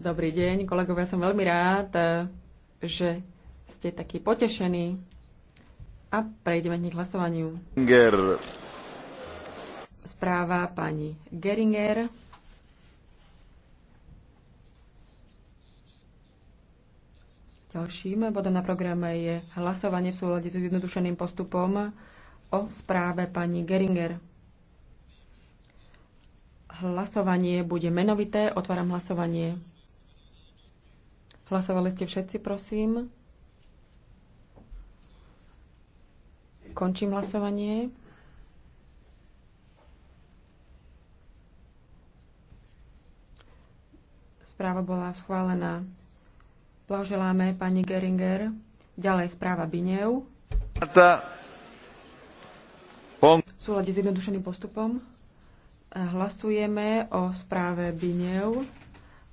Dobrý deň, kolegovia, som veľmi rád, e, že ste takí potešení. A prejdeme k hlasovaniu. Ger. Správa pani Geringer. Ďalším bodom na programe je hlasovanie v súlade s jednodušeným postupom o správe pani Geringer. Hlasovanie bude menovité. Otváram hlasovanie. Hlasovali ste všetci, prosím. Končím hlasovanie. Správa bola schválená. Blahoželáme pani Geringer. Ďalej správa Binev. V súlade s jednodušeným postupom hlasujeme o správe Binev.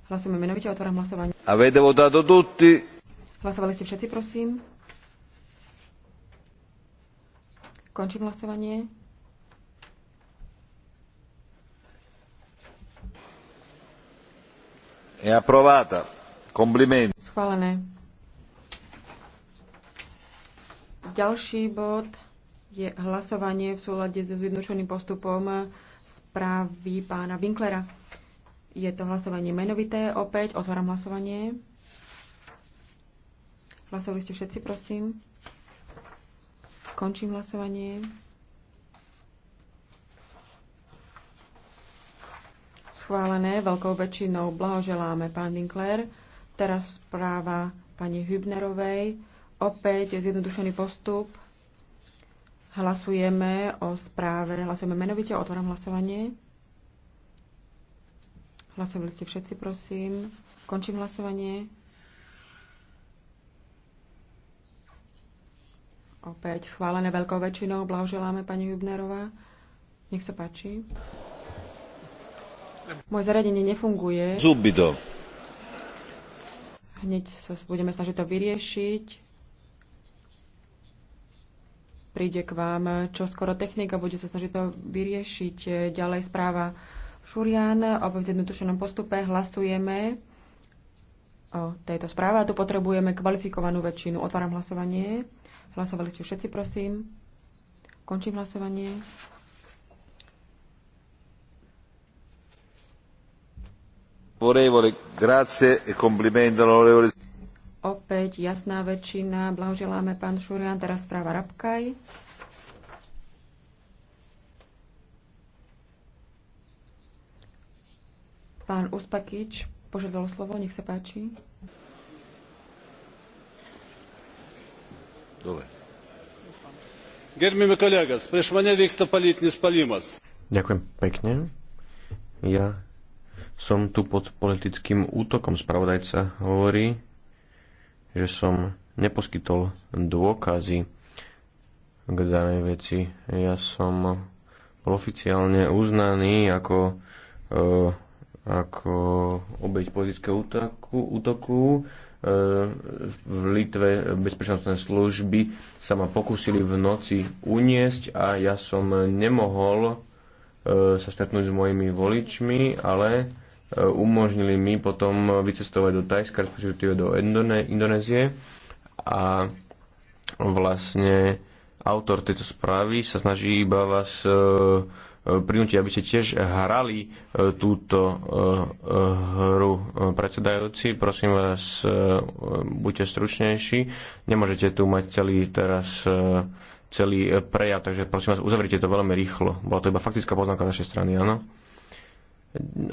Hlasujeme menovite, otváram hlasovanie. Avete do tutti? Hlasovali ste všetci, prosím. Končím hlasovanie. E approvata. Komplimenti. Schválené. Ďalší bod je hlasovanie v súlade so zjednočeným postupom správy pána Winklera. Je to hlasovanie menovité. Opäť otváram hlasovanie. Hlasovali ste všetci, prosím. Končím hlasovanie. Schválené veľkou väčšinou blahoželáme pán Winkler. Teraz správa pani Hübnerovej. Opäť zjednodušený postup. Hlasujeme o správe. Hlasujeme menovite. Otváram hlasovanie. Hlasovali ste všetci, prosím. Končím hlasovanie. Opäť schválené veľkou väčšinou. Blahoželáme pani Hübnerová. Nech sa páči. Moje zariadenie nefunguje. Zubido. Hneď sa budeme snažiť to vyriešiť. Príde k vám čoskoro technika, bude sa snažiť to vyriešiť. Ďalej správa Šurian. Opäť v zjednodušenom postupe hlasujeme o tejto správe a tu potrebujeme kvalifikovanú väčšinu. Otváram hlasovanie. Hlasovali ste všetci, prosím. Končím hlasovanie. E Opäť jasná väčšina. Blahoželáme pán Šurian. Teraz správa Rabkaj. Pán Uspakič požiadal slovo, nech sa páči. Dole. Gerbíme kolega, prieš mane vyksta nespalímas. Ďakujem pekne. Ja som tu pod politickým útokom. Spravodajca hovorí, že som neposkytol dôkazy k danej veci. Ja som bol oficiálne uznaný ako e, ako obeď politického útoku, útoku e, v Litve bezpečnostné služby sa ma pokúsili v noci uniesť a ja som nemohol e, sa stretnúť s mojimi voličmi, ale e, umožnili mi potom vycestovať do Tajska, respektíve do Indonézie a vlastne autor tejto správy sa snaží iba vás prinútiť, aby ste tiež hrali e, túto e, e, hru. Predsedajúci, prosím vás, buďte stručnejší. Nemôžete tu mať celý teraz celý prejav, takže prosím vás, uzavrite to veľmi rýchlo. Bola to iba faktická poznámka z našej strany, áno?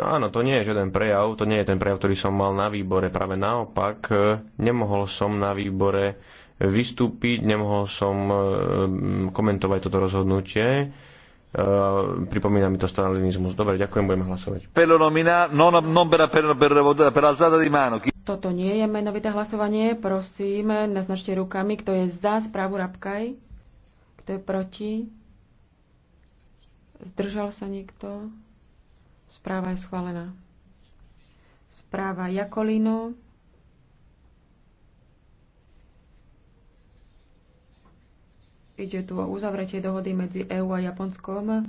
Áno, to nie je žiaden prejav, to nie je ten prejav, ktorý som mal na výbore. Práve naopak, nemohol som na výbore vystúpiť, nemohol som komentovať toto rozhodnutie Eh, pripomína mi to stalinizmus. Dobre, ďakujem, budeme hlasovať. No, no, Toto nie je menovité hlasovanie. Prosím, naznačte rukami, kto je za správu Rabkaj. Kto je proti? Zdržal sa niekto? Správa je schválená. Správa Jakolino. Ide tu o uzavretie dohody medzi EÚ a Japonskom.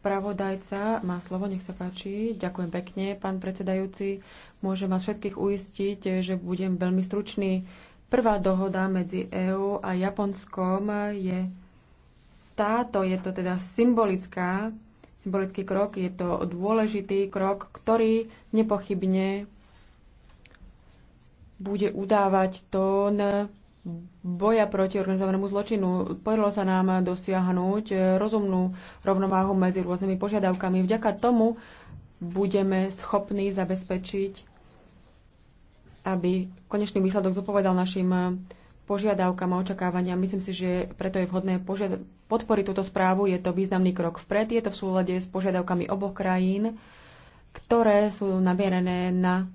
Spravodajca má slovo, nech sa páči. Ďakujem pekne, pán predsedajúci. Môžem vás všetkých uistiť, že budem veľmi stručný. Prvá dohoda medzi EÚ a Japonskom je táto, je to teda symbolická, symbolický krok, je to dôležitý krok, ktorý nepochybne bude udávať tón boja proti organizovanému zločinu. Podarilo sa nám dosiahnuť eh, rozumnú rovnováhu medzi rôznymi požiadavkami. Vďaka tomu budeme schopní zabezpečiť, aby konečný výsledok zopovedal našim eh, požiadavkám a očakávaniam. Myslím si, že preto je vhodné požiada- podporiť túto správu. Je to významný krok vpred. Je to v súlade s požiadavkami oboch krajín, ktoré sú namierené na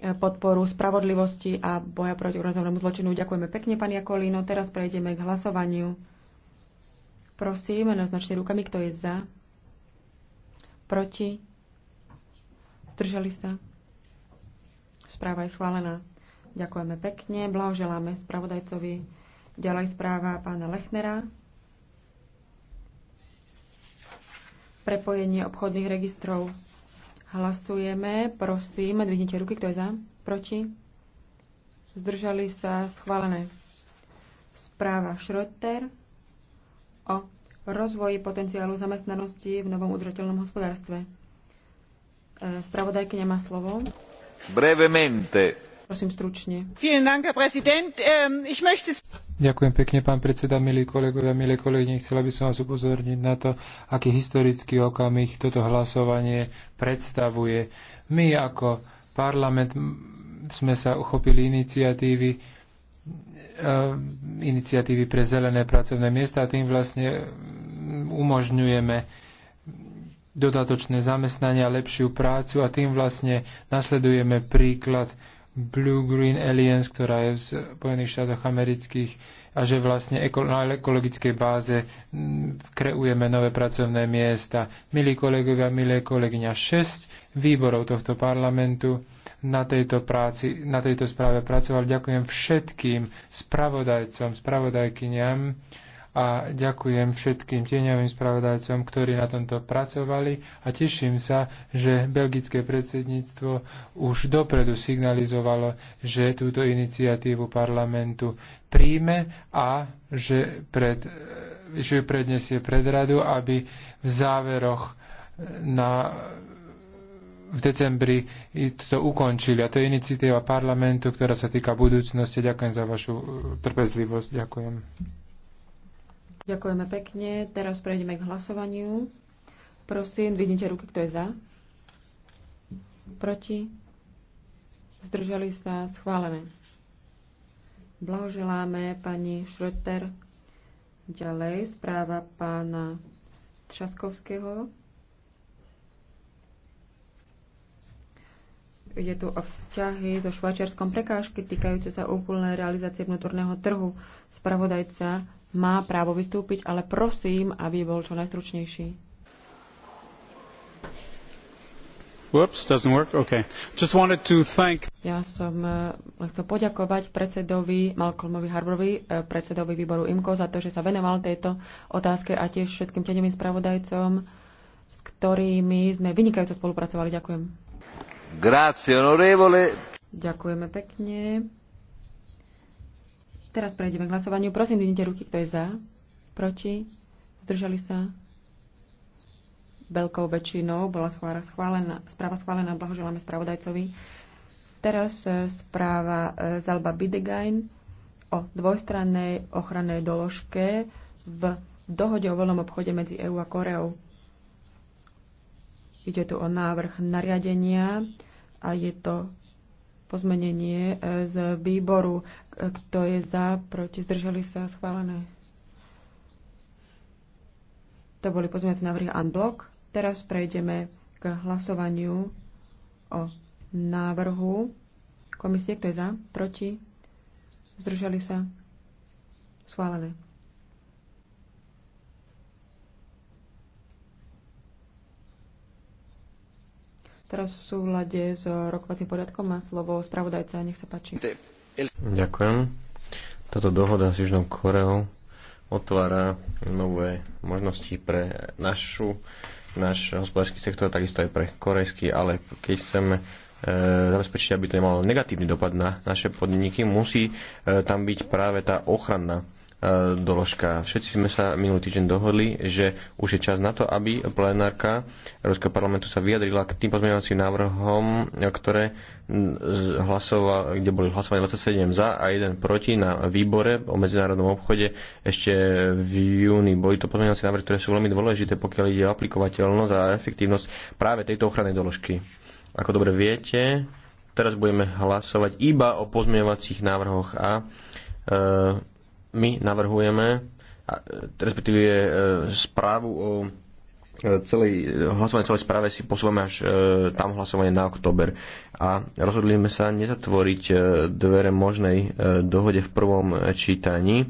podporu spravodlivosti a boja proti organizovanému zločinu. Ďakujeme pekne, pani Akolino. Teraz prejdeme k hlasovaniu. Prosím, naznačte rukami, kto je za, proti, zdržali sa. Správa je schválená. Ďakujeme pekne, blahoželáme spravodajcovi. Ďalej správa pána Lechnera. Prepojenie obchodných registrov Hlasujeme. Prosím, dvihnite ruky, kto je za, proti. Zdržali sa schválené. Správa Schröter o rozvoji potenciálu zamestnanosti v novom udržateľnom hospodárstve. E, spravodajkyňa má slovo. Brevemente. Prosím stručne. Vielen Dank, Herr Präsident. Ähm, ich möchte Ďakujem pekne, pán predseda, milí kolegovia, milé kolegyne. Chcela by som vás upozorniť na to, aký historický okamih toto hlasovanie predstavuje. My ako parlament sme sa uchopili iniciatívy, e, iniciatívy pre zelené pracovné miesta a tým vlastne umožňujeme dodatočné zamestnania, lepšiu prácu a tým vlastne nasledujeme príklad Blue Green Alliance, ktorá je v Spojených štátoch amerických a že vlastne na ekologickej báze mm, kreujeme nové pracovné miesta. Milí kolegovia, milé kolegyňa, 6 výborov tohto parlamentu na tejto, práci, na tejto správe pracoval. Ďakujem všetkým spravodajcom, spravodajkyňam a ďakujem všetkým tieňovým spravodajcom, ktorí na tomto pracovali a teším sa, že belgické predsedníctvo už dopredu signalizovalo, že túto iniciatívu parlamentu príjme a že, pred, že ju predniesie pred radu, aby v záveroch na v decembri to ukončili. A to je iniciatíva parlamentu, ktorá sa týka budúcnosti. Ďakujem za vašu trpezlivosť. Ďakujem. Ďakujeme pekne. Teraz prejdeme k hlasovaniu. Prosím, vidíte ruky, kto je za. Proti. Zdržali sa. Schválené. Blahoželáme pani Schröter. Ďalej správa pána Třaskovského. Je tu o vzťahy so švajčiarskom prekážky týkajúce sa úplnej realizácie vnútorného trhu. Spravodajca má právo vystúpiť, ale prosím, aby bol čo najstručnejší. Whoops, doesn't work? Okay. Just wanted to thank... Ja som eh, chcel poďakovať predsedovi Malcolmovi Harbrovi, eh, predsedovi výboru IMCO, za to, že sa venoval tejto otázke a tiež všetkým tenevým spravodajcom, s ktorými sme vynikajúco spolupracovali. Ďakujem. Grazie, onorevole. Ďakujeme pekne. Teraz prejdeme k hlasovaniu. Prosím, vidíte ruky, kto je za, proti, zdržali sa. Veľkou väčšinou bola schválená, správa schválená, blahoželáme spravodajcovi. Teraz e, správa e, Zalba Bidegain o dvojstrannej ochrannej doložke v dohode o voľnom obchode medzi EÚ a Koreou. Ide tu o návrh nariadenia a je to pozmenenie e, z výboru. E, kto je za, proti, zdržali sa, schválené. To boli pozmeňovacie návrhy unblock. Teraz prejdeme k hlasovaniu o návrhu komisie. Kto je za, proti, zdržali sa, schválené. Teraz v súhľade s rokovacím poriadkom má slovo spravodajca. Nech sa páči. Ďakujem. Táto dohoda s Južnou Koreou otvára nové možnosti pre našu, náš hospodársky sektor, takisto aj pre korejský, ale keď chceme e, zabezpečiť, aby to nemalo negatívny dopad na naše podniky, musí e, tam byť práve tá ochranná E, doložka. Všetci sme sa minulý týždeň dohodli, že už je čas na to, aby plenárka Európskeho parlamentu sa vyjadrila k tým pozmeňovacím návrhom, ktoré hlasoval, kde boli hlasované 27 za a 1 proti na výbore o medzinárodnom obchode ešte v júni. Boli to pozmeňovacie návrhy, ktoré sú veľmi dôležité, pokiaľ ide o aplikovateľnosť a efektívnosť práve tejto ochrannej doložky. Ako dobre viete, teraz budeme hlasovať iba o pozmeňovacích návrhoch a e, my navrhujeme, e, respektíve e, správu o e, celej, hlasovanie celej správe si posúvame až e, tam hlasovanie na október. A rozhodli sme sa nezatvoriť e, dvere možnej e, dohode v prvom čítaní.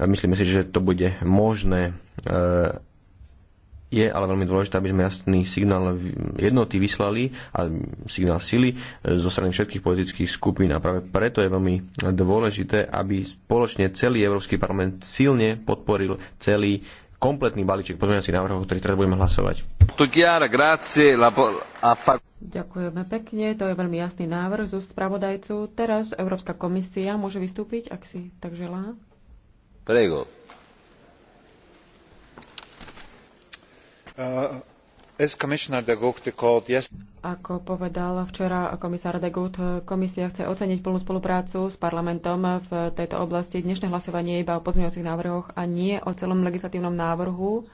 Myslíme si, že to bude možné je ale veľmi dôležité, aby sme jasný signál jednoty vyslali a signál sily e, zo strany všetkých politických skupín. A práve preto je veľmi dôležité, aby spoločne celý Európsky parlament silne podporil celý kompletný balíček pozmeňovacích návrhov, o ktorých teraz budeme hlasovať. Ďakujeme pekne, to je veľmi jasný návrh zo spravodajcu. Teraz Európska komisia môže vystúpiť, ak si tak želá. Prego. Uh, Ako povedal včera komisár de Gucht, komisia chce oceniť plnú spoluprácu s parlamentom v tejto oblasti. Dnešné hlasovanie je iba o pozmeňujúcich návrhoch a nie o celom legislatívnom návrhu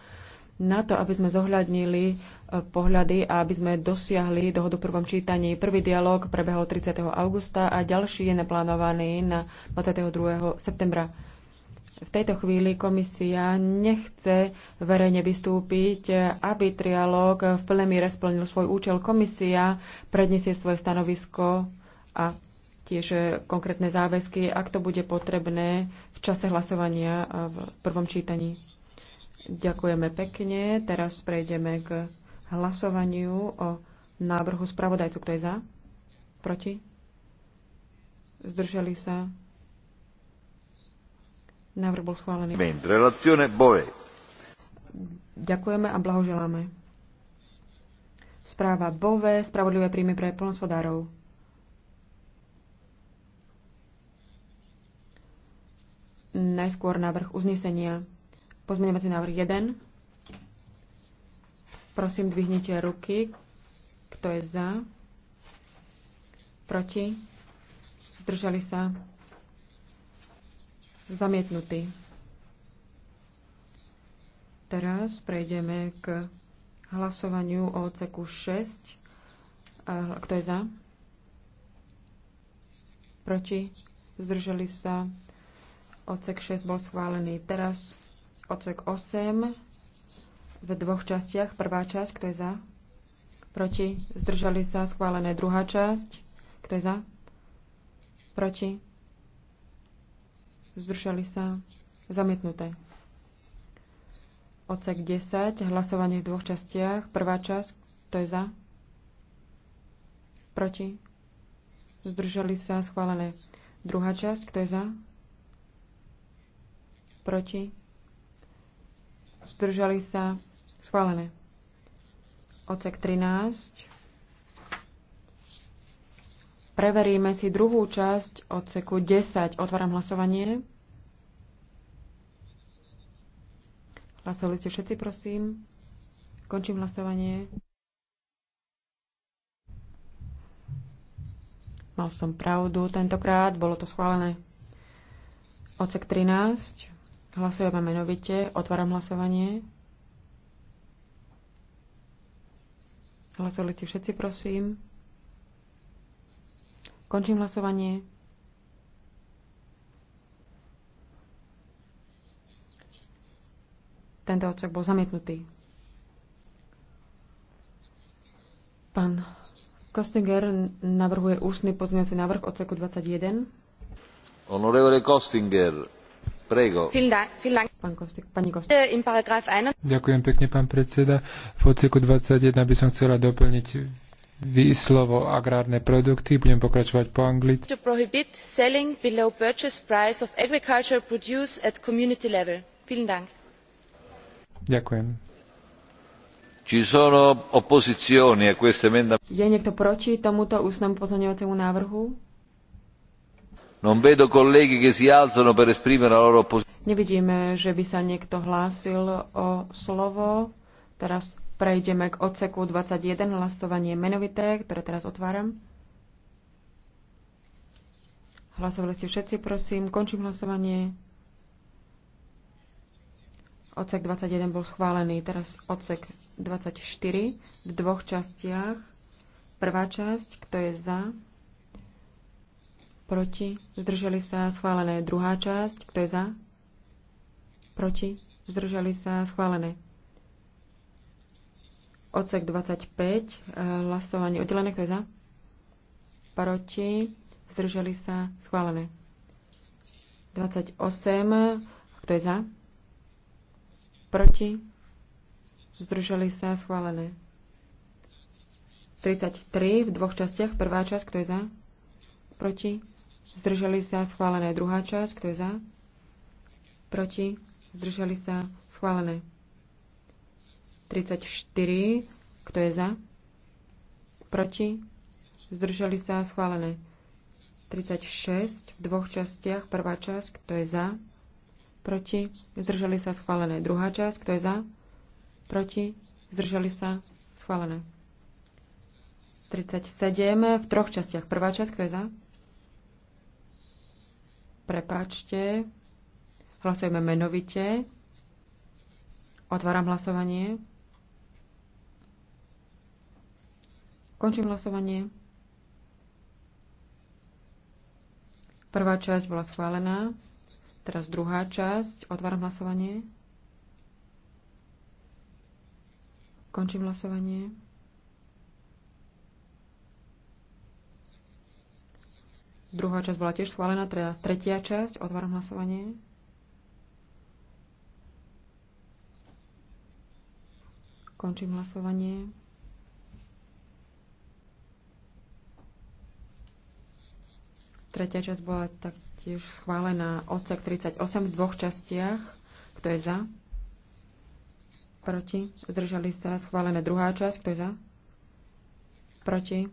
na to, aby sme zohľadnili eh, pohľady a aby sme dosiahli dohodu v prvom čítaní. Prvý dialog prebehol 30. augusta a ďalší je naplánovaný na 22. septembra v tejto chvíli komisia nechce verejne vystúpiť, aby trialóg v plnej miere splnil svoj účel. Komisia predniesie svoje stanovisko a tiež konkrétne záväzky, ak to bude potrebné v čase hlasovania a v prvom čítaní. Ďakujeme pekne. Teraz prejdeme k hlasovaniu o návrhu spravodajcu. Kto je za? Proti? Zdržali sa? Návrh bol schválený. Relazione Bove. Ďakujeme a blahoželáme. Správa Bove, spravodlivé príjmy pre plnospodárov. Najskôr návrh uznesenia. Pozmeňovací návrh 1. Prosím, dvihnite ruky. Kto je za? Proti? Zdržali sa? Zamietnutý. Teraz prejdeme k hlasovaniu o odseku 6. Kto je za? Proti? Zdržali sa? Odsek 6 bol schválený. Teraz odsek 8 v dvoch častiach. Prvá časť, kto je za? Proti? Zdržali sa? Schválené. Druhá časť, kto je za? Proti? zdržali sa, zamietnuté. Odsek 10, hlasovanie v dvoch častiach. Prvá časť, to je za, proti, zdržali sa, schválené. Druhá časť, kto je za, proti, zdržali sa, schválené. Odsek 13, Preveríme si druhú časť odseku 10. Otváram hlasovanie. Hlasovali ste všetci, prosím. Končím hlasovanie. Mal som pravdu tentokrát, bolo to schválené. Odsek 13. Hlasujeme menovite. Otváram hlasovanie. Hlasovali ste všetci, prosím. Končím hlasovanie. Tento odsek bol zamietnutý. Pán Kostinger navrhuje ústny pozmeňovací návrh odseku 21. Honorevole Kostinger, prego. pani Kostinger. Äh, Ďakujem pekne, pán predseda. V odseku 21 by som chcela doplniť výslovo agrárne produkty. Budem pokračovať po anglicky. To prohibit selling below purchase price of agricultural produce at community level. Vielen Dank. Ďakujem. Ci sono opposizioni a questo emendamento? Je niekto proti tomuto ústnemu pozorňovaciemu návrhu? Non vedo colleghi che si alzano per esprimere la loro opposizione. Nevidíme, že by sa niekto hlásil o slovo. Teraz Prejdeme k odseku 21, hlasovanie menovité, ktoré teraz otváram. Hlasovali ste všetci, prosím. Končím hlasovanie. Odsek 21 bol schválený. Teraz odsek 24 v dvoch častiach. Prvá časť, kto je za, proti, zdržali sa, schválené. Druhá časť, kto je za, proti, zdržali sa, schválené. Odsek 25, eh, hlasovanie oddelené, kto je za? Proti, zdržali sa, schválené. 28, kto je za? Proti, zdržali sa, schválené. 33 v dvoch častiach, prvá časť, kto je za? Proti, zdržali sa, schválené. Druhá časť, kto je za? Proti, zdržali sa, schválené. 34. Kto je za? Proti? Zdržali sa schválené. 36 v dvoch častiach. Prvá časť, kto je za? Proti? Zdržali sa schválené. Druhá časť, kto je za? Proti? Zdržali sa schválené. 37 v troch častiach. Prvá časť, kto je za? Prepáčte. Hlasujeme menovite. Otváram hlasovanie. Končím hlasovanie. Prvá časť bola schválená. Teraz druhá časť. Otváram hlasovanie. Končím hlasovanie. Druhá časť bola tiež schválená. Teraz tretia časť. Otváram hlasovanie. Končím hlasovanie. Tretia časť bola taktiež schválená odsek 38 v dvoch častiach. Kto je za? Proti? Zdržali sa. schválené. druhá časť. Kto je za? Proti?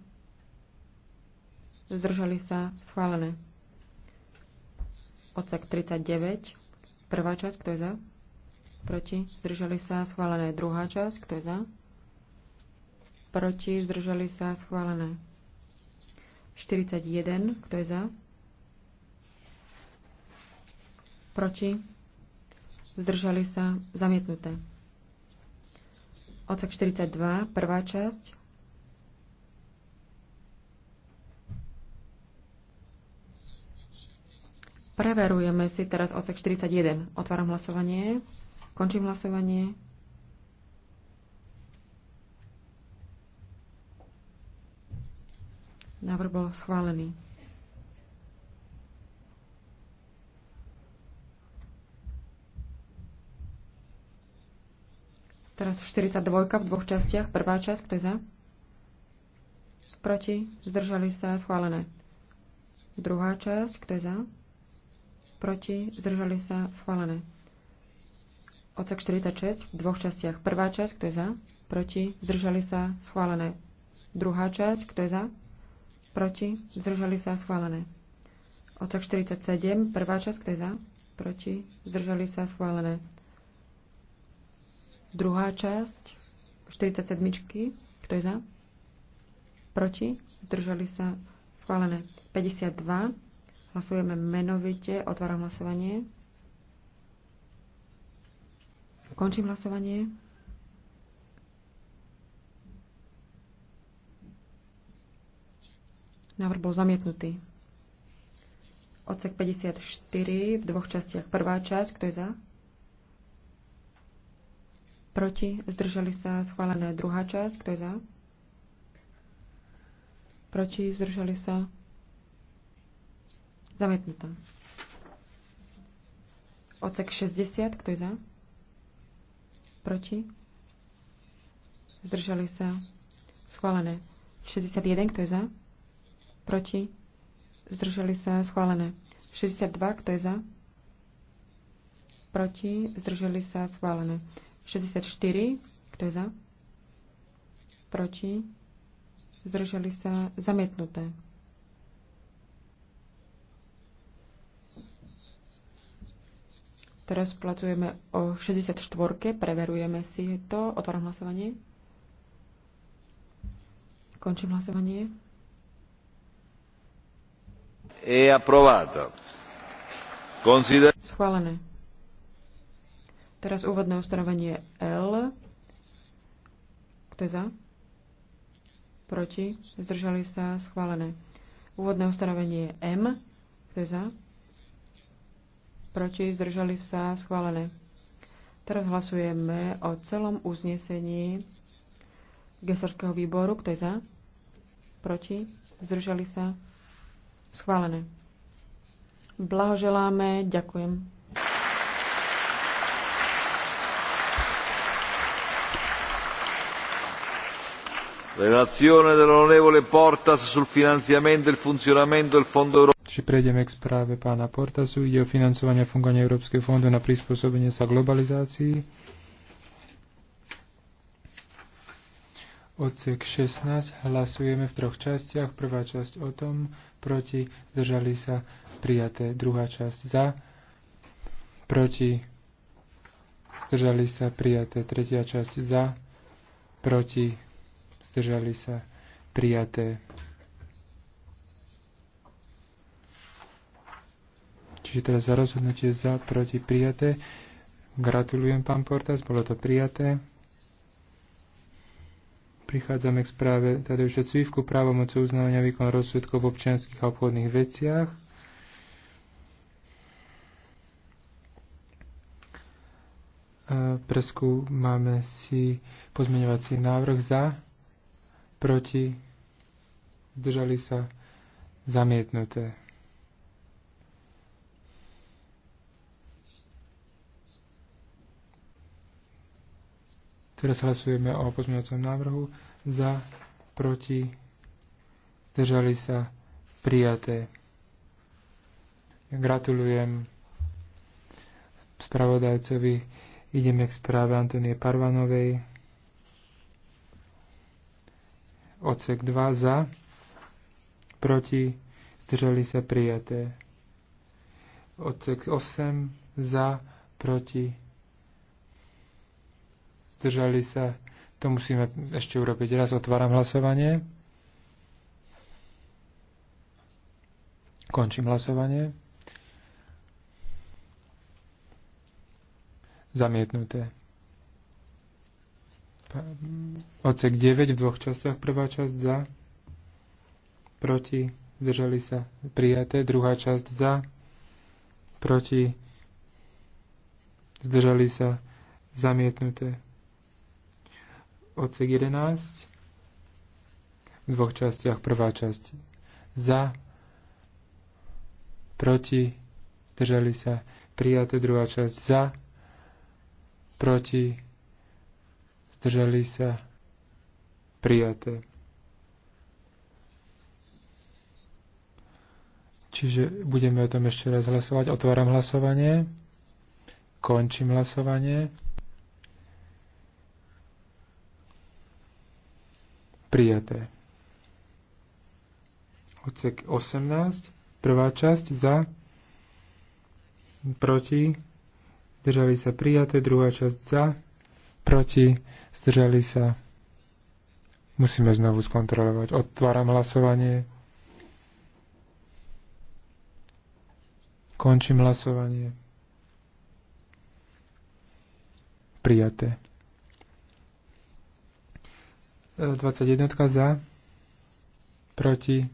Zdržali sa. Schválené. Odsek 39. Prvá časť. Kto je za? Proti? Zdržali sa. Schválené. Druhá časť. Kto je za? Proti? Zdržali sa. Schválené. 41. Kto je za? Proti? Zdržali sa? Zamietnuté. Odsek 42. Prvá časť. Preverujeme si teraz odsek 41. Otváram hlasovanie. Končím hlasovanie. Návrh bol schválený. Teraz 42 v dvoch častiach. Prvá časť, kto je za? Proti? Zdržali sa? Schválené. Druhá časť, kto je za? Proti? Zdržali sa? Schválené. Odsek 46 v dvoch častiach. Prvá časť, kto je za? Proti? Zdržali sa? Schválené. Druhá časť, kto je za? proti, zdržali sa, schválené. Odsek 47, prvá časť, kto je za, proti, zdržali sa, schválené. Druhá časť, 47, kto je za, proti, zdržali sa, schválené. 52, hlasujeme menovite, otváram hlasovanie. Končím hlasovanie. Návrh bol zamietnutý. Odsek 54 v dvoch častiach. Prvá časť, kto je za? Proti? Zdržali sa schválené. Druhá časť, kto je za? Proti? Zdržali sa? Zamietnutá. Odsek 60, kto je za? Proti? Zdržali sa? Schválené. 61, kto je za? proti, zdržali sa schválené. 62, kto je za, proti, zdržali sa schválené. 64, kto je za, proti, zdržali sa zamietnuté. Teraz placujeme o 64, preverujeme si to. Otváram hlasovanie. Končím hlasovanie. Schválené. Teraz úvodné ustanovenie L. Kto je za? Proti? Zdržali sa? Schválené. Úvodné ustanovenie M. Kto je za? Proti? Zdržali sa? Schválené. Teraz hlasujeme o celom uznesení gestorského výboru. Kto je za? Proti? Zdržali sa? Schválené. Blahoželáme, ďakujem. Relazione dell'onorevole Portas sul finanziamento e il funzionamento del Fondo Europeo. Či prejdeme k správe pána Portasu. Ide o financovanie a fungovanie Európskeho fondu na prispôsobenie sa globalizácii. Odsek 16. Hlasujeme v troch častiach. Prvá časť o tom, proti, zdržali sa, prijaté. Druhá časť za, proti, zdržali sa, prijaté. Tretia časť za, proti, zdržali sa, prijaté. Čiže teraz za rozhodnutie za, proti, prijaté. Gratulujem, pán Portas, bolo to prijaté. Prichádzame k správe Tadeuša Cvívku, právomoc uznávania výkon rozsudkov v občianských a obchodných veciach. Presku máme si pozmeňovací návrh za, proti, zdržali sa zamietnuté. Teraz hlasujeme o pozmeňovacom návrhu za, proti, zdržali sa, prijaté. Gratulujem spravodajcovi. Ideme k správe Antonie Parvanovej. Odsek 2 za, proti, zdržali sa prijaté. Odsek 8 za, proti, zdržali sa, to musíme ešte urobiť. Raz otváram hlasovanie. Končím hlasovanie. Zamietnuté. Ocek 9 v dvoch častiach. Prvá časť za, proti, zdržali sa, prijaté. Druhá časť za, proti, zdržali sa, zamietnuté odsek 11 v dvoch častiach. Prvá časť za, proti, zdržali sa, prijaté. Druhá časť za, proti, zdržali sa, prijaté. Čiže budeme o tom ešte raz hlasovať. Otváram hlasovanie. Končím hlasovanie. prijaté. Odsek 18, prvá časť za, proti, zdržali sa prijaté, druhá časť za, proti, zdržali sa. Musíme znovu skontrolovať. Otváram hlasovanie. Končím hlasovanie. Prijaté. 21 za, proti,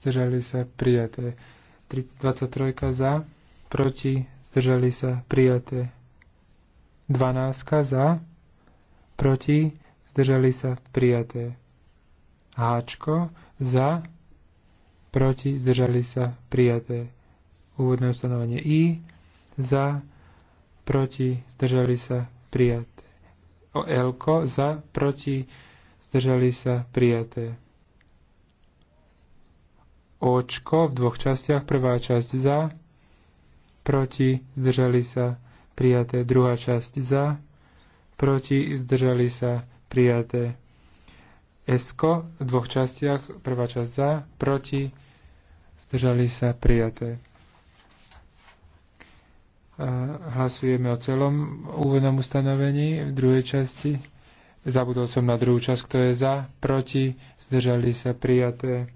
zdržali sa prijaté. 23 za, proti, zdržali sa prijaté. 12 za, proti, zdržali sa prijaté. Háčko za, proti, zdržali sa prijaté. Úvodné ustanovenie I za, proti, zdržali sa prijaté o Elko za, proti, zdržali sa prijaté. Očko v dvoch častiach, prvá časť za, proti, zdržali sa prijaté, druhá časť za, proti, zdržali sa prijaté. Esko v dvoch častiach, prvá časť za, proti, zdržali sa prijaté. Hlasujeme o celom úvodnom ustanovení v druhej časti. Zabudol som na druhú časť, kto je za, proti, zdržali sa prijaté.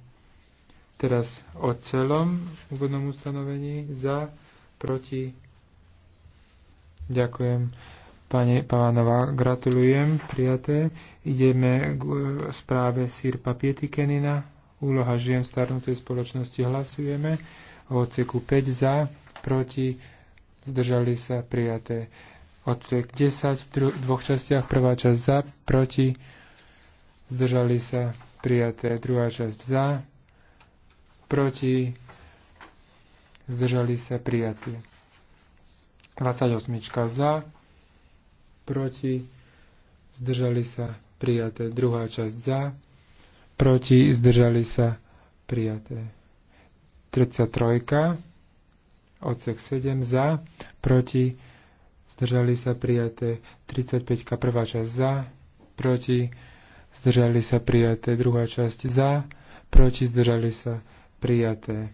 Teraz o celom úvodnom ustanovení za, proti. Ďakujem. Pani Pánova, gratulujem, prijaté. Ideme k správe Sirpa Pietikenina. Úloha žien v starnúcej spoločnosti hlasujeme. O odseku 5 za, proti zdržali sa prijaté. Odsek 10 v dvoch častiach, prvá časť za, proti, zdržali sa prijaté, druhá časť za, proti, zdržali sa prijaté. 28 za, proti, zdržali sa prijaté, druhá časť za, proti, zdržali sa prijaté. 33 odsek 7 za, proti, zdržali sa prijaté 35 prvá časť za, proti, zdržali sa prijaté druhá časť za, proti, zdržali sa prijaté.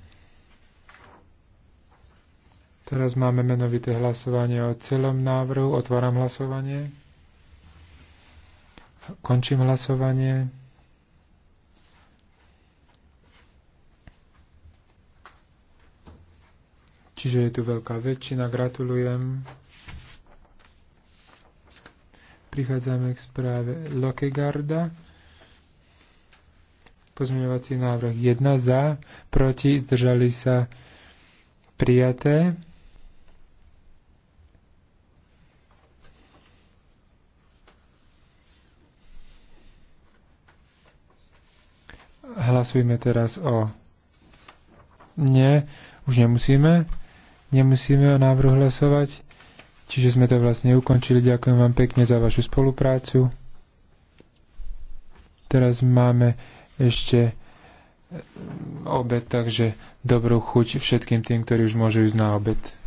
Teraz máme menovité hlasovanie o celom návrhu. Otváram hlasovanie. Končím hlasovanie. Čiže je tu veľká väčšina. Gratulujem. Prichádzame k správe Lokegarda. Pozmeňovací návrh 1 za, proti, zdržali sa prijaté. Hlasujme teraz o... Nie, už nemusíme. Nemusíme o návrhu hlasovať, čiže sme to vlastne ukončili. Ďakujem vám pekne za vašu spoluprácu. Teraz máme ešte e, obed, takže dobrú chuť všetkým tým, ktorí už môžu ísť na obed.